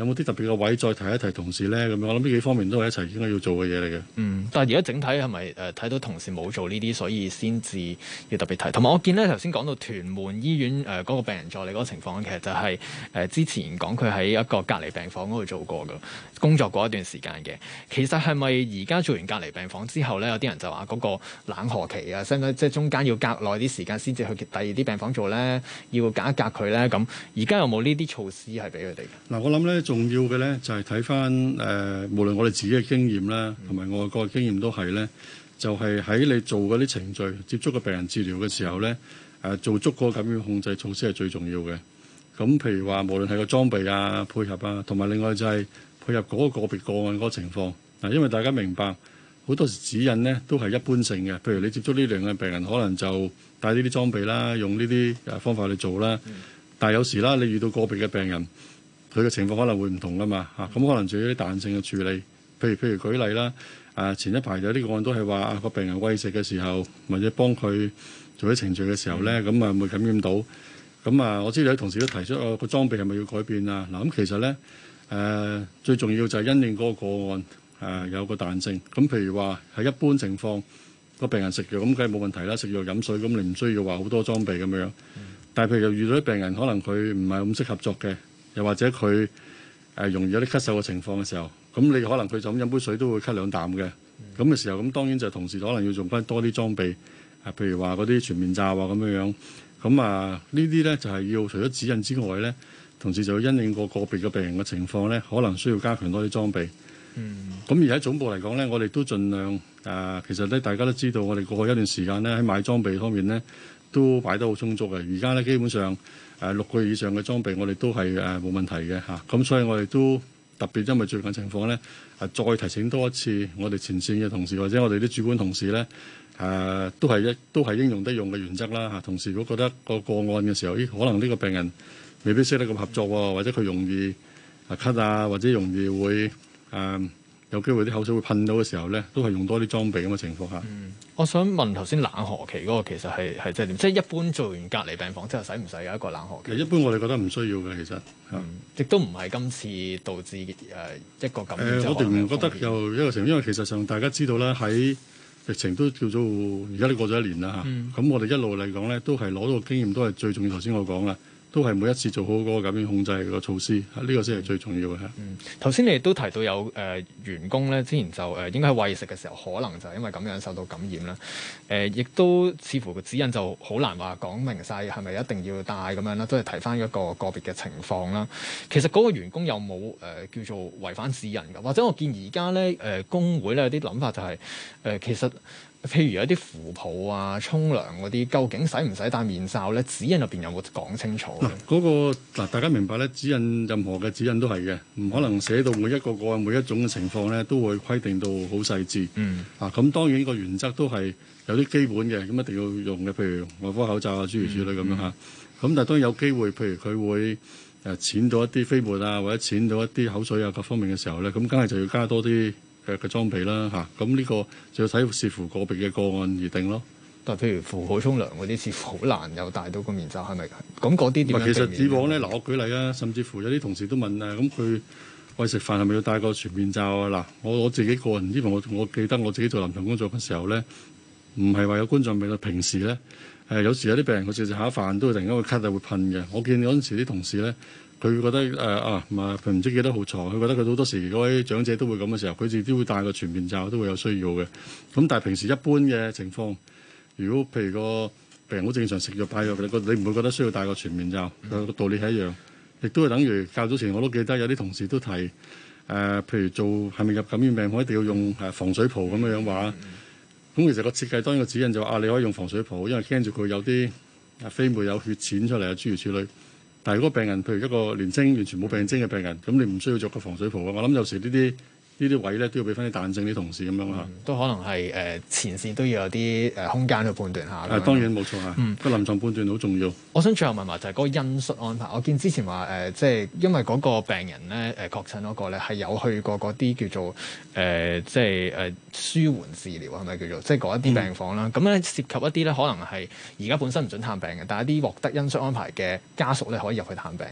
有冇啲特別嘅位再提一提同事咧？咁樣我諗呢幾方面都係一齊應該要做嘅嘢嚟嘅。嗯，但係而家整體係咪誒睇到同事冇做呢啲，所以先至要特別提？同埋我見咧頭先講到屯門醫院誒嗰、呃嗰個病人助理嗰個情況，其實就係、係、誒、呃、之前講佢喺一個隔離病房嗰度做過嘅工作過一段時間嘅。其實係咪而家做完隔離病房之後咧，有啲人就話嗰個冷河期啊，係咪即係即係中間要隔耐啲時間先至去第二啲病房做咧，要隔一隔佢咧咁？而家有冇呢啲措施係俾佢哋？嗱、嗯，我諗咧。重要嘅呢，就係睇翻誒，無論我哋自己嘅經驗啦，同埋外國嘅經驗都係呢。就係、是、喺你做嗰啲程序、接觸嘅病人治療嘅時候呢，誒、呃、做足個感染控制措施係最重要嘅。咁譬如話，無論係個裝備啊、配合啊，同埋另外就係配合嗰個個別個案嗰個情況。嗱、啊，因為大家明白好多時指引呢都係一般性嘅，譬如你接觸呢兩樣病人，可能就帶呢啲裝備啦，用呢啲誒方法去做啦。嗯、但有時啦，你遇到個別嘅病人。佢嘅情況可能會唔同㗎嘛嚇，咁、啊、可能做啲彈性嘅處理，譬如譬如舉例啦，誒、呃、前一排有啲個案都係話、啊、個病人餵食嘅時候，或者幫佢做咗程序嘅時候咧，咁啊會感染到。咁啊，我知道有啲同事都提出、啊、個裝備係咪要改變啊？嗱，咁其實咧誒、呃、最重要就係因應嗰個個案誒、啊、有個彈性。咁、啊、譬如話係一般情況個病人食藥咁，梗係冇問題啦。食藥飲水咁，你唔需要話好多裝備咁樣。嗯、但係譬如又遇到啲病人，可能佢唔係咁識合作嘅。又或者佢誒、呃、容易有啲咳嗽嘅情況嘅時候，咁你可能佢就咁飲杯水都會咳兩啖嘅，咁嘅時候咁當然就同時可能要用翻多啲裝備，啊、呃，譬如話嗰啲全面罩啊咁樣樣，咁啊呢啲咧就係、是、要除咗指引之外咧，同時就要因應個個別嘅病人嘅情況咧，可能需要加強多啲裝備。嗯。咁而喺總部嚟講咧，我哋都盡量誒、呃，其實咧大家都知道，我哋過去一段時間咧喺買裝備方面咧都擺得好充足嘅，而家咧基本上。誒、啊、六個以上嘅裝備，我哋都係誒冇問題嘅嚇。咁、啊、所以我哋都特別，因為最近情況咧，誒、啊、再提醒多一次，我哋前線嘅同事或者我哋啲主管同事咧，誒、啊、都係一都係應用得用嘅原則啦嚇、啊。同時，如果覺得個個案嘅時候，咦可能呢個病人未必識得咁合作喎、啊，或者佢容易啊咳啊，或者容易會誒。啊有機會啲口水會噴到嘅時候咧，都係用多啲裝備咁嘅情況下。嗯，我想問頭先冷河期嗰個其實係係即係點？即係一般做完隔離病房之後，使唔使有一個冷河期？一般我哋覺得唔需要嘅，其實。亦都唔係今次導致誒一個咁誒、呃呃，我哋唔覺得又一個情況，因為其實上大家知道啦，喺疫情都叫做而家都過咗一年啦。嗯。咁我哋一路嚟講咧，都係攞到嘅經驗都係最重要。頭先我講啦。都係每一次做好嗰個感染控制個措施，呢、這個先係最重要嘅。嗯，頭先你亦都提到有誒員工咧，之前就誒、呃、應該喺餵食嘅時候，可能就係因為咁樣受到感染啦。誒、呃，亦都似乎個指引就好難話講明晒，係咪一定要戴咁樣啦，都係提翻一個個別嘅情況啦。其實嗰個員工有冇誒叫做違反指引㗎？或者我見而家咧誒工會咧有啲諗法就係、是、誒、呃、其實。譬如有啲扶抱啊、沖涼嗰啲，究竟使唔使戴面罩咧？指引入邊有冇講清楚？嗱，嗰個嗱，大家明白咧，指引任何嘅指引都係嘅，唔可能寫到每一個個每一種嘅情況咧都會規定到好細緻。嗯，嗱咁、啊、當然個原則都係有啲基本嘅，咁一定要用嘅，譬如外科口罩啊諸如此類咁樣嚇。咁、嗯、但係當然有機會，譬如佢會誒濺到一啲飛沫啊，或者濺到一啲口水啊各方面嘅時候咧，咁梗係就要加多啲。嘅個裝備啦嚇，咁呢個就要睇視乎個別嘅個案而定咯。但係譬如戶外沖涼嗰啲，似乎好難有戴到個面罩，係咪？咁嗰啲點樣？其實以往咧，嗱，我舉例啊，甚至乎有啲同事都問啊，咁佢餵食飯係咪要戴個全面罩啊？嗱，我我自己個人，因為我我記得我自己做臨牀工作嘅時候咧，唔係話有冠狀病嘅，平時咧誒有時有啲病人佢食食下飯都會突然間會咳就會噴嘅。我見嗰陣時啲同事咧。佢覺得誒、呃、啊，唔、啊、知幾多號牀，佢覺得佢好多時嗰位長者都會咁嘅時候，佢自己會戴個全面罩，都會有需要嘅。咁但係平時一般嘅情況，如果譬如個病人好正常食藥派藥，你你唔會覺得需要戴個全面罩。嗯、道理係一樣，亦都係等於較早前我都記得有啲同事都提誒、呃，譬如做係咪入感染病房一定要用防水袍咁樣樣話。咁、嗯、其實個設計當然個指引就話、啊、你可以用防水袍，因為驚住佢有啲飛沫有血漬出嚟啊諸如此類。但係如果病人，譬如一個年青完全冇病徵嘅病人，咁你唔需要著個防水袍啊！我諗有時呢啲。呢啲位咧都要俾翻啲彈性啲同事咁樣啦、嗯，都可能係誒、呃、前線都要有啲誒空間去判斷下。誒當然冇錯啊，個臨、嗯、床判斷好重要。我想最後問埋就係、是、嗰個恩恤安排。我見之前話誒、呃，即係因為嗰個病人咧誒、呃、確診嗰、那個咧係有去過嗰啲叫做誒、呃，即係誒、呃、舒緩治療係咪叫做，即係嗰一啲病房啦。咁咧、嗯、涉及一啲咧，可能係而家本身唔准探病嘅，但係一啲獲得恩恤安排嘅家屬咧可以入去探病。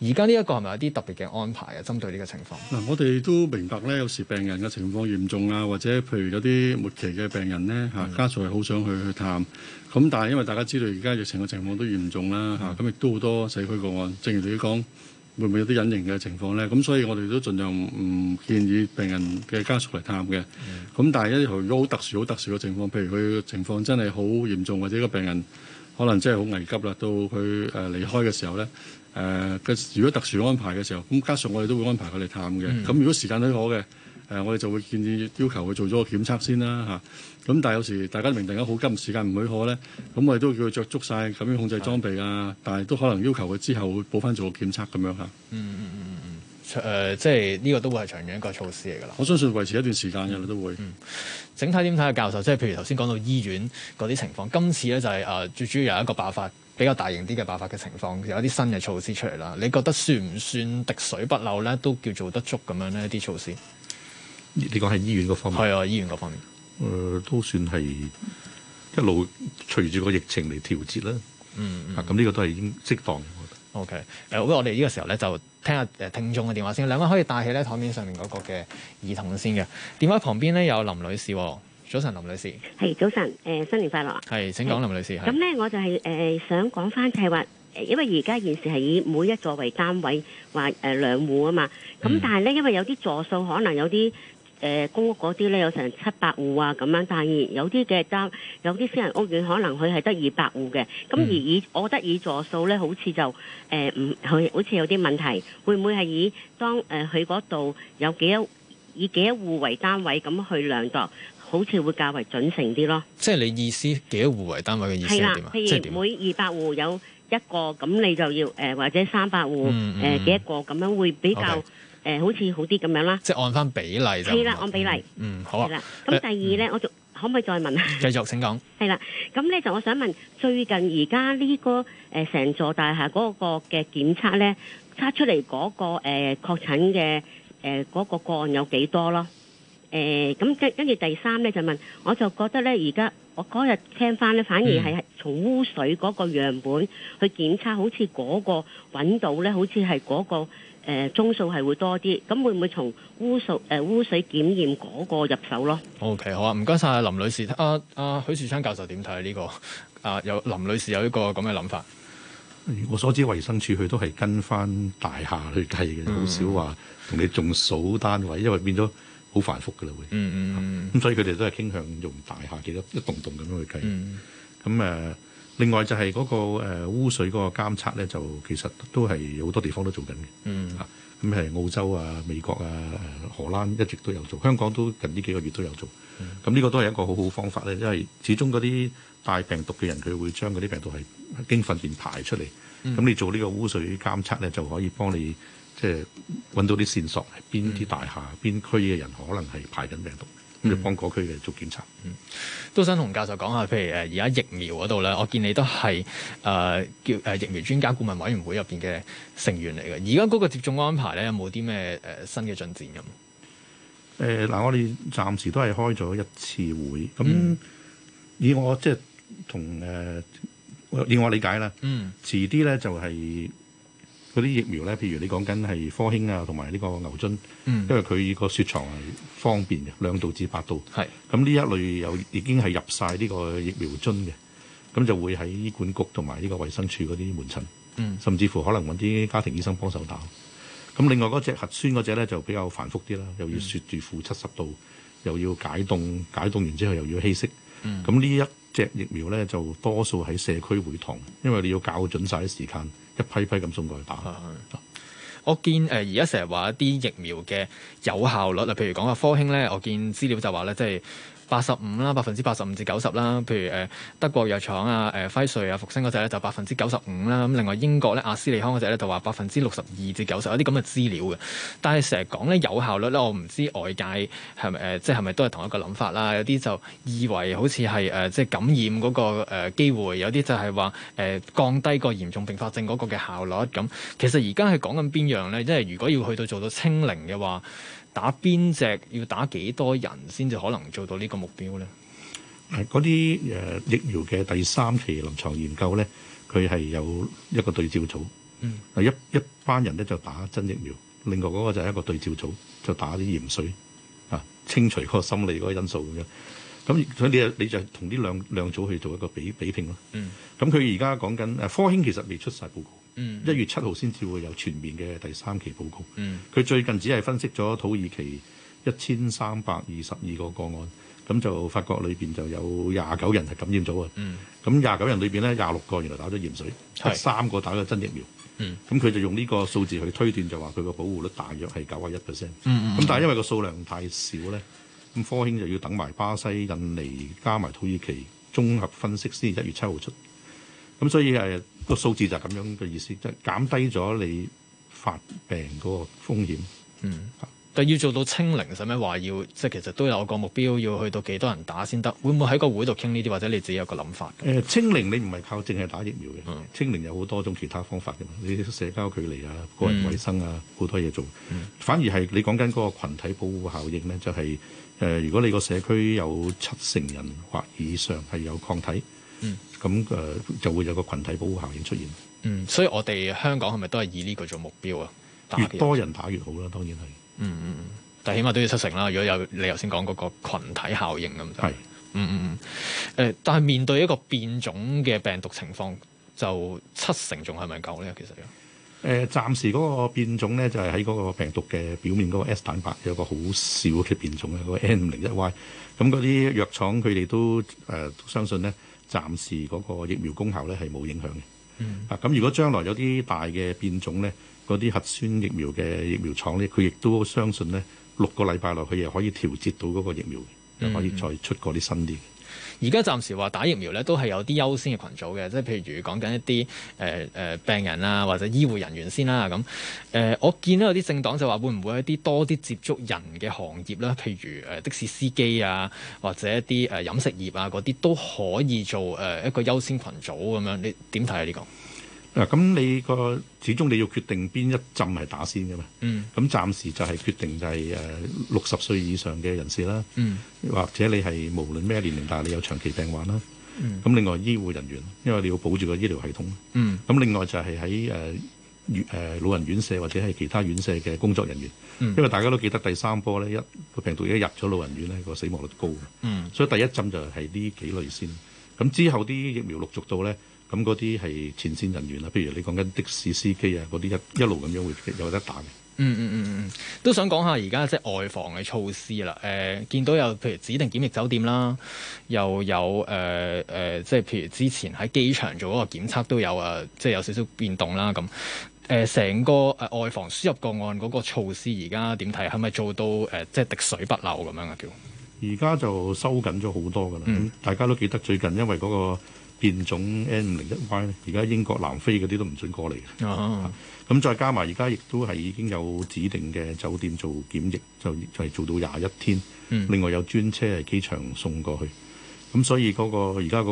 而家呢一個係咪有啲特別嘅安排啊？針對呢個情況。嗱，我哋都明白咧。有時病人嘅情況嚴重啊，或者譬如有啲末期嘅病人咧，吓家屬係好想去去探，咁但係因為大家知道而家疫情嘅情況都嚴重啦，吓咁亦都好多社區個案，正如你講，會唔會有啲隱形嘅情況咧？咁所以我哋都盡量唔建議病人嘅家屬嚟探嘅。咁但係一如果好特殊好特殊嘅情況，譬如佢情況真係好嚴重，或者個病人可能真係好危急啦，到佢誒離開嘅時候咧。誒嘅、呃，如果特殊安排嘅時候，咁加上我哋都會安排佢嚟探嘅。咁、嗯、如果時間許可嘅，誒、呃、我哋就會建議要求佢做咗個檢測先啦嚇。咁但係有時大家明大家好急，時間唔許可咧，咁我哋都會叫佢着足晒咁樣控制裝備啊。但係都可能要求佢之後會補翻做個檢測咁樣啦。嗯嗯嗯。誒、呃，即係呢、這個都會係長遠一個措施嚟㗎啦。我相信維持一段時間㗎啦，都會。嗯、整體點睇啊，教授？即係譬如頭先講到醫院嗰啲情況，今次咧就係誒最主要有一個爆發比較大型啲嘅爆發嘅情況，有一啲新嘅措施出嚟啦。你覺得算唔算滴水不漏咧？都叫做得足咁樣呢一啲措施，你講係醫院嗰方面，係啊，醫院嗰方面，誒、呃、都算係一路隨住個疫情嚟調節啦。咁呢個都係已經適當。嗯嗯嗯。O.K. 誒、呃，我哋呢個時候咧就聽下誒聽眾嘅電話先。兩位可以戴起咧台面上面嗰個嘅耳筒先嘅。電話旁邊咧有林女士、哦，早晨林女士。係早晨，誒、呃、新年快樂。係，請講林女士。咁咧是是我就係、是、誒、呃、想講翻就係話，因為而家現時係以每一座為單位，話、呃、誒兩戶啊嘛。咁但係咧，因為有啲座數可能有啲。誒、呃、公屋嗰啲咧有成七百戶啊咁樣，但係有啲嘅得有啲私人屋苑可能佢係得二百戶嘅，咁、嗯、而以我覺得以座數咧，好似就誒唔去，好似有啲問題，會唔會係以當誒佢嗰度有幾多以幾多戶為單位咁去量度，好似會較為準誠啲咯？即係你意思幾多戶為單位嘅意思係點？譬如每二百戶有一個，咁你就要誒、呃、或者三百戶誒、嗯嗯呃、幾一個咁樣會比較。Okay. 誒、呃、好似好啲咁樣啦，即係按翻比例。係啦，按比例。嗯，嗯，好啊。係啦。咁第二咧，嗯、我仲可唔可以再問啊？繼續請講。係啦，咁咧就我想問最近而家呢個誒成、呃、座大廈嗰個嘅檢測咧，測出嚟嗰、嗰個誒確診嘅誒嗰個個案有幾多咯？誒咁跟跟住第三咧就問，我就覺得咧而家我嗰日聽翻咧，反而係係從污水嗰個樣本去檢測、嗯，好似嗰、嗰個揾到咧，好似係嗰個。誒宗、呃、數係會多啲，咁會唔會從污水誒污水檢驗嗰個入手咯？O、okay, K 好啊，唔該晒林女士，阿、啊、阿、啊、許樹昌教授點睇呢個？啊，有林女士有一個咁嘅諗法。我所知衞生署佢都係跟翻大廈去計嘅，好少話同你仲數單位，因為變咗好繁複嘅啦，會。嗯嗯咁所以佢哋都係傾向用大廈幾多一棟棟咁樣去計。咁誒、mm。Hmm. 另外就係嗰個污水嗰個監測咧，就其實都係好多地方都做緊嘅。嗯啊，咁係、嗯、澳洲啊、美國啊、荷蘭一直都有做，香港都近呢幾個月都有做。咁呢、嗯嗯嗯、個都係一個好好方法咧，因為始終嗰啲帶病毒嘅人佢會將嗰啲病毒係經糞便排出嚟。咁、嗯、你做呢個污水監測咧，就可以幫你即係揾到啲線索，邊啲大廈、邊、嗯、區嘅人可能係排緊病毒。咁幫嗰區嘅做檢查嗯。嗯，都想同教授講下，譬如誒而家疫苗嗰度咧，我見你都係誒、呃、叫誒疫苗專家顧問委員會入邊嘅成員嚟嘅。而家嗰個接種安排咧，有冇啲咩誒新嘅進展咁？誒嗱、呃呃，我哋暫時都係開咗一次會，咁、嗯、以我即係同誒、呃，以我理解咧，嗯，遲啲咧就係、是。嗰啲疫苗咧，譬如你講緊係科興啊，同埋呢個牛津，嗯、因為佢個雪藏係方便嘅，兩度至八度。係咁呢一類又已經係入晒呢個疫苗樽嘅，咁就會喺醫管局同埋呢個衛生署嗰啲門診，嗯、甚至乎可能揾啲家庭醫生幫手打。咁另外嗰隻核酸嗰隻咧就比較繁複啲啦，又要雪住負七十度，嗯、又要解凍，解凍完之後又要稀釋。咁呢、嗯、一隻疫苗咧就多數喺社區會堂，因為你要校準晒啲時間。一批批咁送過去打。是是嗯、我見誒而家成日話一啲疫苗嘅有效率啊，譬如講啊科興咧，我見資料就話咧即係。八十五啦，百分之八十五至九十啦，譬如誒德國藥廠啊，誒輝瑞啊復星嗰隻咧就百分之九十五啦，咁另外英國咧阿斯利康嗰隻咧就話百分之六十二至九十，90，有啲咁嘅資料嘅。但係成日講咧有效率咧，我唔知外界係咪誒，即係係咪都係同一個諗法啦？有啲就以為好似係誒，即、呃、係、就是、感染嗰、嗰個誒、呃、機會，有啲就係話誒降低個嚴重併發症嗰個嘅效率咁。其實而家係講緊邊樣咧？即係如果要去到做到清零嘅話。打邊隻要打幾多人先至可能做到呢個目標咧？嗰啲誒疫苗嘅第三期臨床研究咧，佢係有一個對照組，嗱，一一班人咧就打真疫苗，另外嗰個就係一個對照組就打啲鹽水啊，清除嗰個心理嗰個因素咁樣。咁所以你啊，你就同呢兩兩組去做一個比比拼咯。咁佢而家講緊誒科興其實未出曬報告。一月七號先至會有全面嘅第三期報告。佢最近只係分析咗土耳其一千三百二十二個個案，咁就發覺裏邊就有廿九人係感染咗啊。咁廿九人裏邊咧，廿六個原來打咗鹽水，三個打咗真疫苗。咁佢就用呢個數字去推斷，就話佢個保護率大約係九十一 percent。咁但係因為個數量太少咧，咁科興就要等埋巴西、印尼加埋土耳其綜合分析先，一月七號出。咁所以誒。個數字就係咁樣嘅意思，即、就、係、是、減低咗你發病嗰個風險。嗯，啊、但係要做到清零，使唔使話要即係其實都有個目標，要去到幾多人打先得？會唔會喺個會度傾呢啲，或者你自己有個諗法？誒、呃，清零你唔係靠淨係打疫苗嘅，嗯、清零有好多種其他方法嘅。你社交距離啊、個人衞生啊，好、嗯、多嘢做。嗯、反而係你講緊嗰個羣體保護效應咧，就係、是、誒、呃，如果你個社區有七成人或以上係有抗體，嗯。咁誒就會有個群體保護效應出現。嗯，所以我哋香港係咪都係以呢個做目標啊？越多人打越好啦，當然係。嗯嗯，但係起碼都要七成啦。如果有你頭先講嗰個羣體效應，咁就係，嗯、嗯、誒、嗯呃，但係面對一個變種嘅病毒情況，就七成仲係咪夠咧？其實誒，暫、呃、時嗰個變種咧，就係喺嗰個病毒嘅表面嗰個 S 蛋白有一個好少嘅變種嘅嗰、嗰個 N 五零一 Y 那那。咁嗰啲藥廠佢哋都誒相信咧。暫時嗰個疫苗功效咧係冇影響嘅。嗯、啊，咁如果將來有啲大嘅變種咧，嗰啲核酸疫苗嘅疫苗廠咧，佢亦都相信咧，六個禮拜內佢又可以調節到嗰個疫苗，又、嗯、可以再出過啲新啲。而家暫時話打疫苗咧，都係有啲優先嘅群組嘅，即係譬如講緊一啲誒誒病人啊，或者醫護人員先啦咁。誒、呃，我見到有啲政黨就話會唔會一啲多啲接觸人嘅行業啦，譬如誒、呃、的士司機啊，或者一啲誒、呃、飲食業啊嗰啲都可以做誒、呃、一個優先群組咁樣。你點睇啊？呢、呢個？嗱，咁你個始終你要決定邊一針係打先嘅嘛？嗯，咁暫時就係決定就係誒六十歲以上嘅人士啦。嗯，或者你係無論咩年齡，但係你有長期病患啦。咁，嗯，另外醫護人員，因為你要保住個醫療系統。嗯，咁另外就係喺誒誒老人院社或者係其他院舍嘅工作人員。嗯，因為大家都記得第三波咧，一個病毒一入咗老人院咧，個死亡率率高。嗯，所以第一針就係呢幾類先。咁之後啲疫苗陸續到咧。咁嗰啲係前線人員啦，譬如你講緊的士司機啊，嗰啲一一路咁樣會有得打嘅。嗯嗯嗯嗯嗯，都想講下而家即係外防嘅措施啦。誒、呃，見到有譬如指定檢疫酒店啦，又有誒誒，即、呃、係、呃、譬如之前喺機場做嗰個檢測都有啊、呃，即係有少少變動啦咁。誒、呃，成個誒外防輸入個案嗰個措施而家點睇？係咪做到誒、呃、即係滴水不漏咁樣啊？叫而家就收緊咗好多㗎啦。嗯、大家都記得最近因為嗰、嗰個。變種 N501Y 咧，而家英國、南非嗰啲都唔準過嚟嘅、uh huh. 啊、再加埋而家亦都係已經有指定嘅酒店做檢疫，就就係做到廿一天。嗯、另外有專車係機場送過去。咁、啊、所以嗰、嗰個而家嗰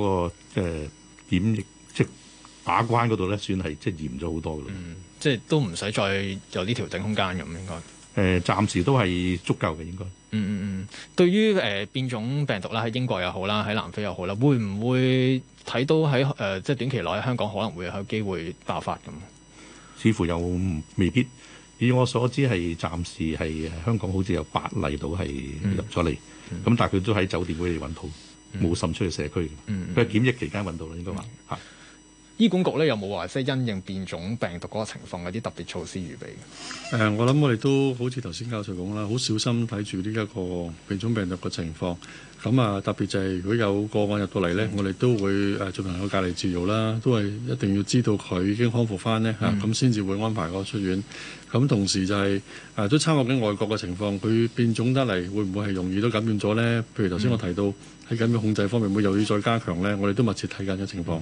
個誒、呃、檢疫即把關嗰度咧，算係即嚴咗好多咯。嗯，即都唔使再有呢條整空間咁應該。誒、呃，暫時都係足夠嘅應該。嗯嗯嗯，對於誒、呃、變種病毒啦，喺英國又好啦，喺南非又好啦，會唔會？睇到喺誒、呃，即係短期內喺香港可能會有機會爆發咁。似乎又未必，以我所知係暫時係香港好似有八例到係入咗嚟，咁、嗯嗯、但係佢都喺酒店嗰度揾到，冇、嗯、滲出去社區。佢係、嗯嗯、檢疫期間揾到啦，應該話。嚇、嗯，是醫管局咧有冇話即係因應變種病毒嗰個情況嗰啲特別措施預備？誒、呃，我諗我哋都好似頭先教授講啦，好小心睇住呢一個變種病毒嘅情況。咁啊，特別就係如果有個案入到嚟呢，我哋都會誒進行個隔離治療啦，都係一定要知道佢已經康復翻呢，嚇、嗯，咁先至會安排個出院。咁同時就係、是、誒、啊、都參考緊外國嘅情況，佢變種得嚟會唔會係容易都感染咗呢？譬如頭先我提到喺感染控制方面，會唔會又要再加強呢，我哋都密切睇緊嘅情況。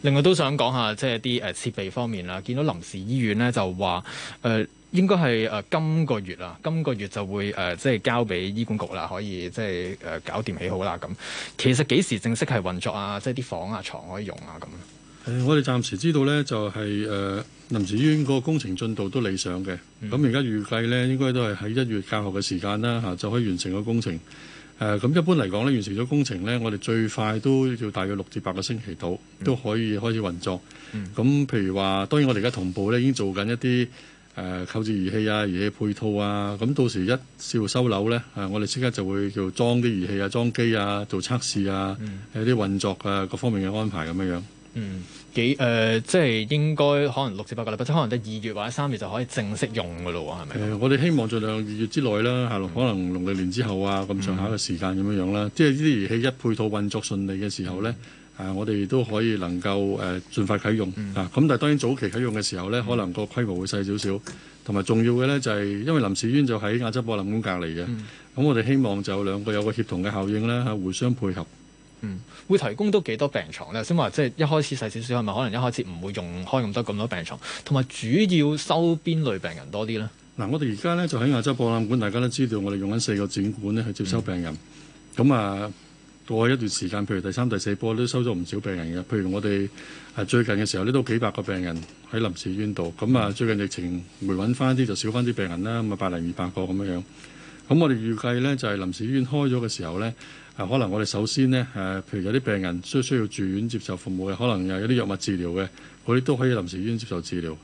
另外都想講下即係啲誒設備方面啦，見到臨時醫院呢就話誒。呃應該係誒、呃、今個月啊，今個月就會誒、呃、即係交俾醫管局啦，可以即係誒、呃、搞掂起好啦。咁其實幾時正式係運作啊？即係啲房啊、床可以用啊？咁誒、呃，我哋暫時知道呢，就係、是、誒、呃、臨時醫院個工程進度都理想嘅。咁而家預計呢，應該都係喺一月較後嘅時間啦，嚇就可以完成個工程。誒、呃、咁一般嚟講咧，完成咗工程呢，我哋最快都要大約六至八個星期度，都可以開始運作。咁、嗯、譬如話，當然我哋而家同步呢，已經做緊一啲。誒購、呃、置儀器啊，儀器配套啊，咁、嗯、到時一召收樓咧，誒、啊、我哋即刻就會叫裝啲儀器啊、裝機啊、做測試啊，有啲、嗯啊、運作啊各方面嘅安排咁樣樣。嗯，幾誒、呃，即係應該可能六至八個禮拜，即可能得二月或者三月就可以正式用噶咯喎，係咪、呃？我哋希望盡量二月之內啦，係、啊、咯，可能農曆年之後啊，咁上下嘅時間咁樣樣啦。即係呢啲儀器一配套運作順利嘅時候咧、嗯。嗯誒、啊，我哋都可以能夠誒、呃，盡快啟用、嗯、啊！咁但係當然早期啟用嘅時候呢，嗯、可能個規模會細少少，同埋重要嘅呢，就係、是、因為臨時醫院就喺亞洲博覽館隔離嘅，咁、嗯、我哋希望就兩個有個協同嘅效應咧、啊，互相配合。嗯，會提供都幾多病床呢？先話即係一開始細少少，係咪可能一開始唔會用開咁多咁多病床？同埋主要收邊類病人多啲呢？嗱、啊，我哋而家呢，就喺亞洲博覽館，大家都知道我哋用緊四個展館去接收病人，咁、嗯嗯、啊。啊啊啊過去一段時間，譬如第三、第四波都收咗唔少病人嘅。譬如我哋係最近嘅時候，呢都幾百個病人喺臨時醫院度。咁啊、嗯，最近疫情回穩翻啲，就少翻啲病人啦。咁啊，百零二百個咁樣樣。咁我哋預計呢，就係、是、臨時醫院開咗嘅時候呢，啊，可能我哋首先呢，誒、啊，譬如有啲病人需需要住院接受服務嘅，可能有有啲藥物治療嘅，佢都可以臨時醫院接受治療。咁、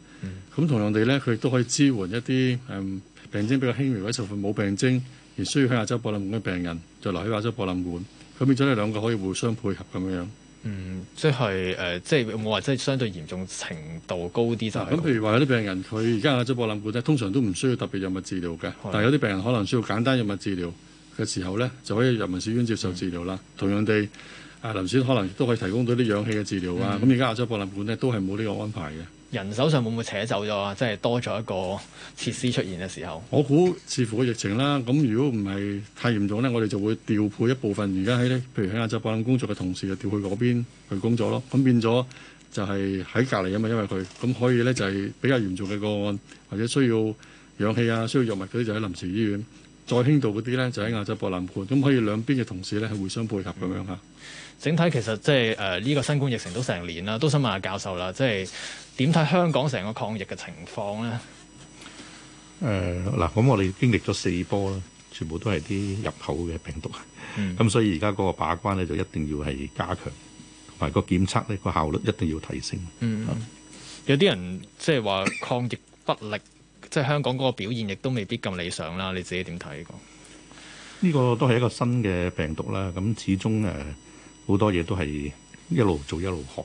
嗯、同樣地呢，佢亦都可以支援一啲誒、嗯、病徵比較輕微或者冇病徵而需要喺亞洲博覽館嘅病人，就留喺亞洲博覽館，館。咁變咗你兩個可以互相配合咁樣。嗯，即係誒、呃，即係我話即係相對嚴重程度高啲就高。咁、嗯、譬如話有啲病人佢而家亞洲博覽館咧，通常都唔需要特別藥物治療嘅。但係有啲病人可能需要簡單藥物治療嘅時候咧，就可以入民衞院接受治療啦。嗯、同樣地，嗯、啊臨時可能都可以提供到啲氧氣嘅治療啊。咁而家亞洲博覽館咧都係冇呢個安排嘅。人手上會唔會扯走咗啊？即係多咗一個設施出現嘅時候，我估似乎個疫情啦。咁如果唔係太嚴重呢，我哋就會調配一部分，而家喺呢，譬如喺亞洲博覽工作嘅同事，就調去嗰邊去工作咯。咁變咗就係喺隔離啊嘛，因為佢咁可以呢，就係、是、比較嚴重嘅個案或者需要氧氣啊、需要藥物嗰啲，就喺臨時醫院，再輕度嗰啲呢，就喺亞洲博覽館，咁可以兩邊嘅同事呢，係互相配合咁樣啊、嗯。整體其實即係誒呢個新冠疫情都成年啦，都想問下教授啦，即係。點睇香港成個抗疫嘅情況咧？誒嗱、呃，咁我哋經歷咗四波啦，全部都係啲入口嘅病毒啊。咁、嗯、所以而家嗰個把關咧，就一定要係加強，同埋個檢測呢個效率一定要提升。嗯啊、有啲人即係話抗疫不力，即、就、係、是、香港嗰個表現亦都未必咁理想啦。你自己點睇呢個？呢個都係一個新嘅病毒啦。咁始終誒好、呃、多嘢都係一路做一路學，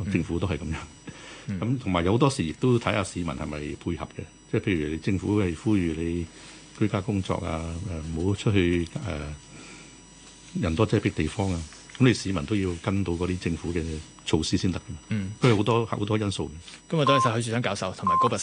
嗯、政府都係咁樣。咁同埋有好多時亦都睇下市民係咪配合嘅，即係譬如你政府係呼籲你居家工作啊，誒唔好出去誒、呃、人多擠迫地方啊，咁你市民都要跟到啲政府嘅措施先得嘅。嗯，因係好多好多因素嘅。今日多謝晒許樹昌教授同埋高拔陞。